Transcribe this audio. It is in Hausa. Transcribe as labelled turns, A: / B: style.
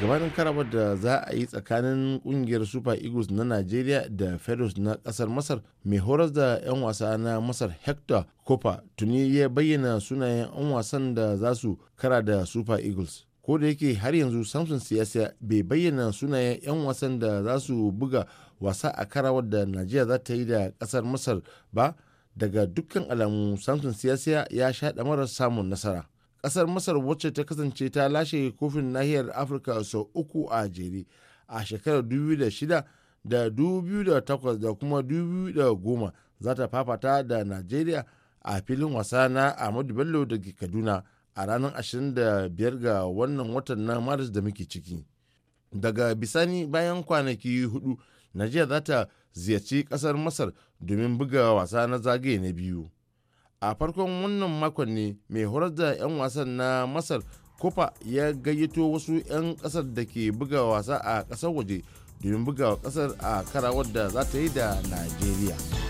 A: gabanin karawar da za a yi tsakanin kungiyar super eagles na nigeria da fedos na kasar masar mai horas da 'yan wasa na masar hector kopa tuni ya bayyana sunayen 'yan wasan da za su kara da super eagles ko da yake har yanzu samson siyasa bai bayyana sunayen 'yan wasan da za su buga wasa a karawar da najeriya za ta yi da kasar masar ba daga dukkan alamu samson siyasa ya sha marar samun nasara kasar masar wacce ta kasance ta lashe kofin nahiyar afirka sau uku a jere a shekarar 2006 da 2008 da kuma 2010 za ta fafata da najeriya a filin wasa na ahmadu bello da kaduna a ranar 25 ga wannan watan na maris da muke ciki daga bisani bayan kwanaki hudu najeriya za ta ziyarci kasar masar domin buga wasa na zagaye na biyu a farkon wannan makon ne mai horar da 'yan wasan na masar kofa ya gayyato wasu 'yan kasar da ke buga wasa a kasar waje domin buga kasar a karawar da za ta yi da najeriya